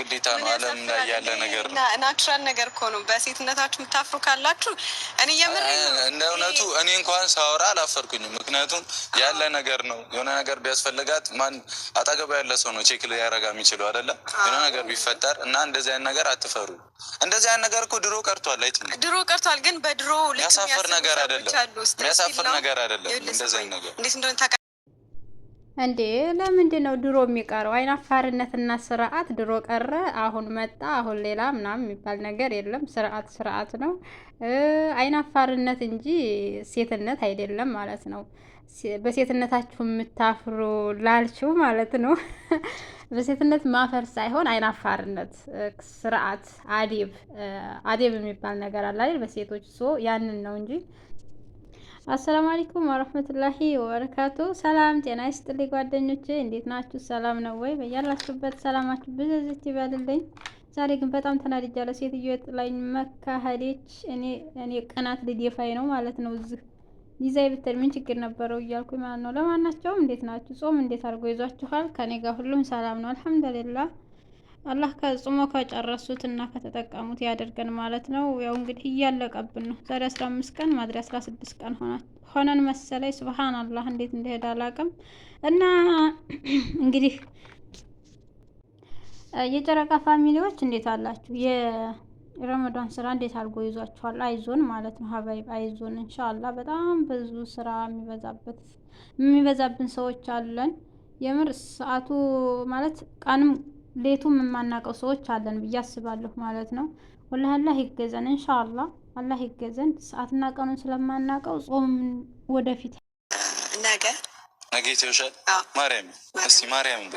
ግዴታ ነው። ዓለም ላይ ያለ ነገር ነው። ናቹራል ነገር እኮ ነው። በሴትነታችሁ የምታፍሩ ካላችሁ እኔ የምር እንደ እውነቱ እኔ እንኳን ሳወራ አላፈርኩኝም። ምክንያቱም ያለ ነገር ነው። የሆነ ነገር ቢያስፈልጋት ማን አጠገባ ያለ ሰው ነው ቼክ ሊያረጋ የሚችለው አይደለም። የሆነ ነገር ቢፈጠር እና እንደዚህ አይነት ነገር አትፈሩ። እንደዚህ አይነት ነገር እኮ ድሮ ቀርቷል። አይት ድሮ ቀርቷል፣ ግን በድሮ ያሳፍር ነገር አይደለም። ያሳፍር ነገር አይደለም። እንደዚህ አይነት ነገር እንዴት እንደሆነ እንዴ ለምንድን ነው ድሮ የሚቀረው? አይናፋርነትና ስርዓት ድሮ ቀረ፣ አሁን መጣ፣ አሁን ሌላ ምናምን የሚባል ነገር የለም። ስርዓት ስርዓት ነው። አይናፋርነት እንጂ ሴትነት አይደለም ማለት ነው። በሴትነታችሁ የምታፍሩ ላልችው ማለት ነው። በሴትነት ማፈር ሳይሆን አይናፋርነት፣ ስርዓት፣ አዴብ አዴብ የሚባል ነገር አለ አይደል? በሴቶች ሶ ያንን ነው እንጂ አሰላሙ አለይኩም ወረህመቱላሂ ወበረካቱ። ሰላም ጤና ይስጥልኝ ጓደኞቼ፣ እንዴት ናችሁ? ሰላም ነው ወይ? በያላችሁበት ሰላማችሁ ብዝዝት ይበልልኝ። ዛሬ ግን በጣም ተናድጃለሁ። ሴትዮ ጥላኝ መካ እኔ እኔ ቅናት ልደፋኝ ነው ማለት ነው። እዚህ ይዛይ ብትል ምን ችግር ነበረው እያልኩኝ ማለት ነው። ለማናቸውም እንዴት ናችሁ? ጾም እንዴት አድርጎ ይዟችኋል? ከኔ ጋር ሁሉም ሰላም ነው አልሐምዱሊላህ አላህ ከጽሞ ከጨረሱት እና ከተጠቀሙት ያደርገን ማለት ነው። ያው እንግዲህ እያለቀብን ነው። ዛሬ 15 ቀን ማድሪ 16 ቀን ሆነን መሰለኝ። ስብሃን አላህ እንዴት እንደሄደ አላቅም። እና እንግዲህ የጨረቃ ፋሚሊዎች እንዴት አላችሁ? የረመዳን ስራ እንዴት አድርጎ ይዟችኋል? አይዞን ማለት ነው ሀባይብ አይዞን። እንሻላ በጣም ብዙ ስራ የሚበዛበት የሚበዛብን ሰዎች አለን። የምር ሰዓቱ ማለት ቀንም ሌቱም የማናውቀው ሰዎች አለን ብዬ አስባለሁ ማለት ነው። ወላሂ አላህ ይገዘን፣ እንሻላ አላህ ይገዘን። ሰዓትና ቀኑን ስለማናውቀው ጾም ወደፊት ነገ ነገ ይተውሻል። ማርያም እስቲ ማርያም እንደ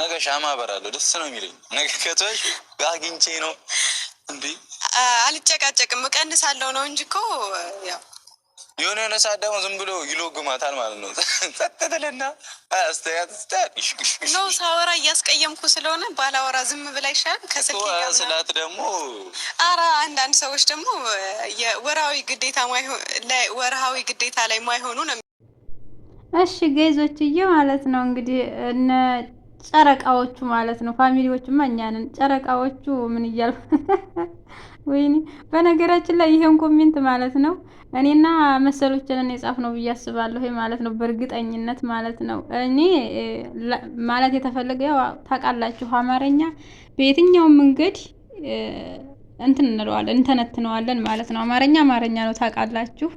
ነገ ሻማ አበራለሁ ደስ ነው የሚለኝ ነገ ከተሽ አግኝቼ ነው እንዴ አልጨቃጨቅም፣ እቀንሳለሁ ነው እንጂ እኮ ያው የሆነ የሆነ ሰዓት ደግሞ ዝም ብሎ ይሎግማታል ማለት ነው። ጸጥትልና አስተያየት ሳወራ እያስቀየምኩ ስለሆነ ባላወራ ዝም ብላ ይሻል ከስላት ደግሞ አራ አንዳንድ ሰዎች ደግሞ ወርሃዊ ግዴታ ወርሃዊ ግዴታ ላይ ማይሆኑ ነው። እሺ ገይዞችዬ ማለት ነው እንግዲህ ጨረቃዎቹ ማለት ነው። ፋሚሊዎቹማ እኛ ነን። ጨረቃዎቹ ምን እያል ወይኔ። በነገራችን ላይ ይሄን ኮሜንት ማለት ነው እኔና መሰሎችንን የጻፍ ነው ብዬ አስባለሁ ማለት ነው፣ በእርግጠኝነት ማለት ነው። እኔ ማለት የተፈለገ ያው ታውቃላችሁ፣ አማርኛ በየትኛው መንገድ እንትን እንለዋለን እንተነትነዋለን ማለት ነው። አማርኛ አማርኛ ነው ታውቃላችሁ።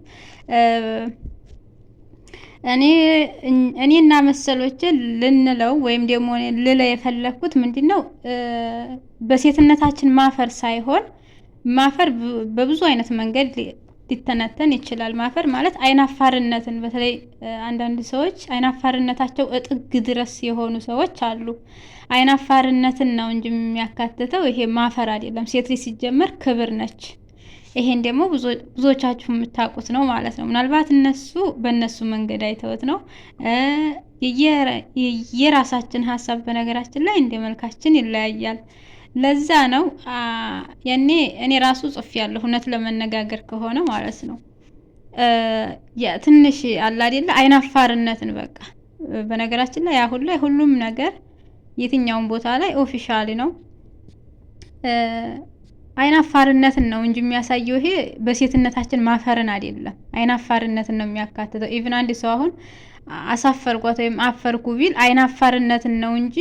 እኔ እና መሰሎች ልንለው ወይም ደግሞ ልለ የፈለግኩት ምንድን ነው በሴትነታችን ማፈር ሳይሆን ማፈር በብዙ አይነት መንገድ ሊተነተን ይችላል። ማፈር ማለት አይናፋርነትን በተለይ አንዳንድ ሰዎች አይናፋርነታቸው እጥግ ድረስ የሆኑ ሰዎች አሉ። አይናፋርነትን ነው እንጂ የሚያካትተው ይሄ ማፈር አይደለም። ሴት ልጅ ሲጀመር ክብር ነች። ይሄን ደግሞ ብዙዎቻችሁ የምታውቁት ነው ማለት ነው። ምናልባት እነሱ በእነሱ መንገድ አይተውት ነው። የራሳችን ሀሳብ በነገራችን ላይ እንደ መልካችን ይለያያል። ለዛ ነው ያኔ እኔ ራሱ ጽፍ ያለሁ እውነት ለመነጋገር ከሆነ ማለት ነው ትንሽ አላደለ አይናፋርነትን በቃ በነገራችን ላይ አሁን ላይ ሁሉም ነገር የትኛውን ቦታ ላይ ኦፊሻሊ ነው። አይናፋርነትን ነው እንጂ የሚያሳየው ይሄ በሴትነታችን ማፈርን አይደለም። አይናፋርነትን ነው የሚያካትተው። ኢቭን አንድ ሰው አሁን አሳፈርኳት ወይም አፈርኩ ቢል አይናፋርነትን ነው እንጂ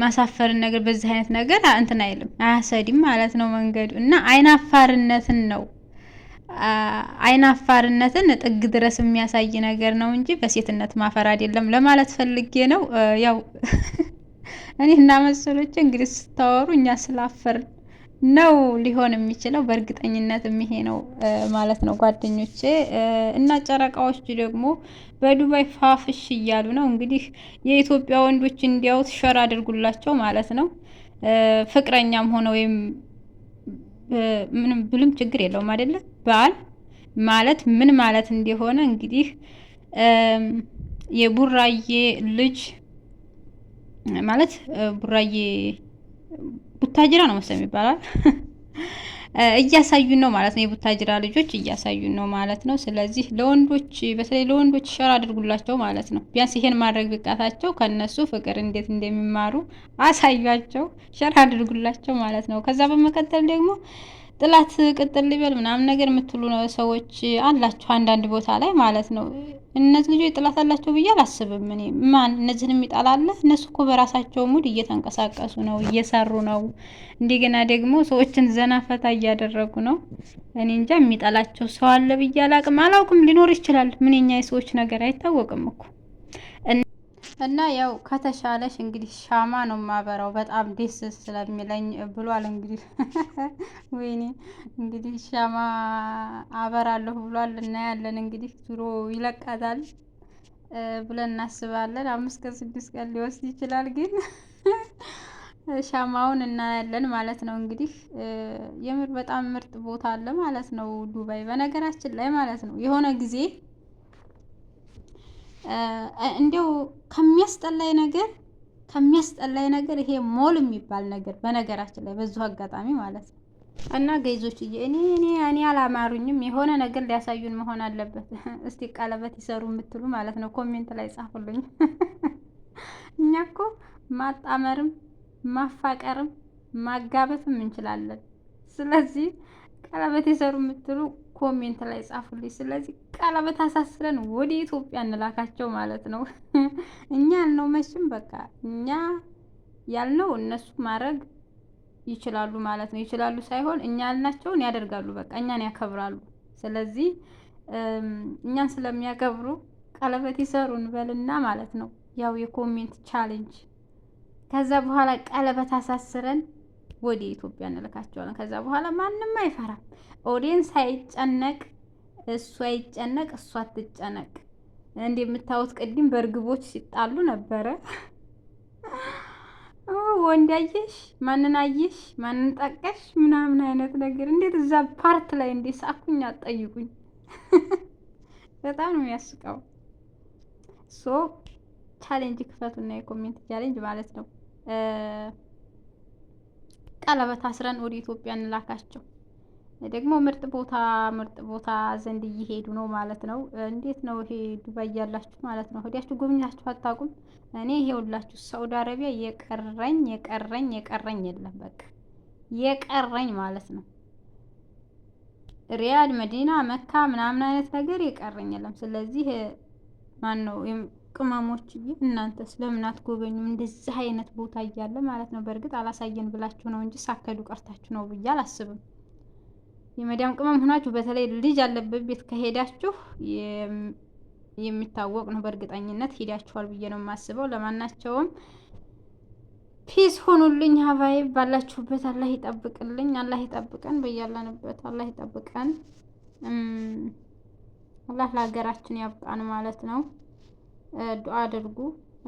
ማሳፈርን ነገር በዚህ አይነት ነገር እንትን አይልም አያሰዲም ማለት ነው መንገዱ እና አይናፋርነትን ነው አይናፋርነትን ጥግ ድረስ የሚያሳይ ነገር ነው እንጂ በሴትነት ማፈር አይደለም ለማለት ፈልጌ ነው። ያው እኔ እና መሰሎች እንግዲህ ስታወሩ እኛ ስላፈርን ነው ሊሆን የሚችለው በእርግጠኝነት ይሄ ነው ማለት ነው ጓደኞቼ። እና ጨረቃዎች ደግሞ በዱባይ ፋፍሽ እያሉ ነው። እንግዲህ የኢትዮጵያ ወንዶች እንዲያውት ሸር አድርጉላቸው ማለት ነው። ፍቅረኛም ሆነ ወይም ምንም ብሉም ችግር የለውም አይደለ? ባል ማለት ምን ማለት እንደሆነ እንግዲህ የቡራዬ ልጅ ማለት ቡራዬ ቡታጅራ ነው መሰለኝ ይባላል እያሳዩን ነው ማለት ነው። የቡታጅራ ልጆች እያሳዩን ነው ማለት ነው። ስለዚህ ለወንዶች በተለይ ለወንዶች ሸር አድርጉላቸው ማለት ነው። ቢያንስ ይሄን ማድረግ ብቃታቸው ከነሱ ፍቅር እንዴት እንደሚማሩ አሳያቸው፣ ሸር አድርጉላቸው ማለት ነው። ከዛ በመቀጠል ደግሞ ጥላት ቅጥል ሊበል ምናምን ነገር የምትሉ ነው ሰዎች አላችሁ፣ አንዳንድ ቦታ ላይ ማለት ነው። እነዚህ ልጆች ጥላት አላቸው ብዬ አላስብም እኔ። ማን እነዚህን የሚጠላ እነሱ እኮ በራሳቸው ሙድ እየተንቀሳቀሱ ነው፣ እየሰሩ ነው። እንደገና ደግሞ ሰዎችን ዘና ፈታ እያደረጉ ነው። እኔ እንጃ የሚጠላቸው ሰው አለ ብዬ አላቅም፣ አላውቅም። ሊኖር ይችላል። ምንኛ የሰዎች ነገር አይታወቅም እኮ እና ያው ከተሻለሽ እንግዲህ ሻማ ነው ማበራው በጣም ደስ ስለሚለኝ ብሏል። እንግዲህ ወይኔ እንግዲህ ሻማ አበራለሁ ብሏል። እናያለን እንግዲህ ድሮ ይለቃታል ብለን እናስባለን። አምስት ቀን ስድስት ቀን ሊወስድ ይችላል፣ ግን ሻማውን እናያለን ማለት ነው። እንግዲህ የምር በጣም ምርጥ ቦታ አለ ማለት ነው ዱባይ። በነገራችን ላይ ማለት ነው የሆነ ጊዜ እንዲው ከሚያስጠላይ ነገር ከሚያስጠላይ ነገር ይሄ ሞል የሚባል ነገር በነገራችን ላይ በዙ አጋጣሚ ማለት ነው። እና ገይዞች እኔ እኔ እኔ አላማሩኝም። የሆነ ነገር ሊያሳዩን መሆን አለበት። እስቲ ቀለበት ይሰሩ የምትሉ ማለት ነው ኮሜንት ላይ ጻፉልኝ። እኛ እኮ ማጣመርም ማፋቀርም ማጋበትም እንችላለን። ስለዚህ ቀለበት የሰሩ የምትሉ ኮሜንት ላይ ጻፉልኝ። ስለዚህ ቀለበት አሳስረን ወደ ኢትዮጵያ እንላካቸው ማለት ነው። እኛ ያልነው መቼም በቃ እኛ ያልነው እነሱ ማድረግ ይችላሉ ማለት ነው። ይችላሉ ሳይሆን እኛ ያልናቸውን ያደርጋሉ። በቃ እኛን ያከብራሉ። ስለዚህ እኛን ስለሚያከብሩ ቀለበት ይሰሩን በልና ማለት ነው። ያው የኮሜንት ቻሌንጅ ከዛ በኋላ ቀለበት አሳስረን ወደ ኢትዮጵያ እንልካቸዋለን። ከዛ በኋላ ማንም አይፈራም። ኦዲየንስ አይጨነቅ፣ እሱ አይጨነቅ፣ እሷ አትጨነቅ። እንደምታዩት ቅድም በእርግቦች ሲጣሉ ነበረ። ወንድ አየሽ፣ ማንን አየሽ፣ ማንን ጠቀሽ ምናምን አይነት ነገር። እንዴት እዛ ፓርት ላይ እንዴ ሳኩኝ አጠይቁኝ? በጣም ነው የሚያስቀው። ሶ ቻሌንጅ ክፈቱና የኮሜንት ቻሌንጅ ማለት ነው። ቀለበት አስረን ወደ ኢትዮጵያ እንላካቸው። ደግሞ ምርጥ ቦታ ምርጥ ቦታ ዘንድ እየሄዱ ነው ማለት ነው። እንዴት ነው ይሄ ዱባይ ያላችሁ ማለት ነው ሄዳችሁ ጎብኛችሁ አታውቁም? እኔ ይሄውላችሁ ሳውዲ አረቢያ የቀረኝ የቀረኝ የቀረኝ የለም በቃ የቀረኝ ማለት ነው። ሪያድ፣ መዲና፣ መካ ምናምን አይነት ነገር የቀረኝ የለም። ስለዚህ ማን ነው ቅመሞችዬ እናንተ ስለምን አትጎበኙም? እንደዚህ አይነት ቦታ እያለ ማለት ነው። በእርግጥ አላሳየን ብላችሁ ነው እንጂ ሳከዱ ቀርታችሁ ነው ብዬ አላስብም። የመዳም ቅመም ሆናችሁ በተለይ ልጅ ያለበት ቤት ከሄዳችሁ የሚታወቅ ነው። በእርግጠኝነት ሄዳችኋል ብዬ ነው የማስበው። ለማናቸውም ፒስ ሆኑልኝ ሀባይ ባላችሁበት አላህ ይጠብቅልኝ፣ አላህ ይጠብቀን፣ በያለንበት አላህ ይጠብቀን። አላህ ለሀገራችን ያብቃን ማለት ነው። ዱዓ አድርጉ።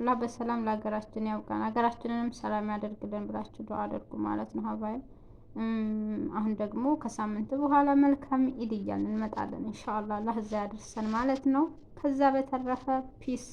አላህ በሰላም ለሀገራችን ያብቃን፣ ሀገራችንንም ሰላም ያደርግልን ብላችሁ ዱዓ አድርጉ ማለት ነው። ሀባይ አሁን ደግሞ ከሳምንት በኋላ መልካም ኢድ እያልን እንመጣለን። ኢንሻአላህ አላህ እዛ ያደርሰን ማለት ነው። ከዛ በተረፈ ፒስ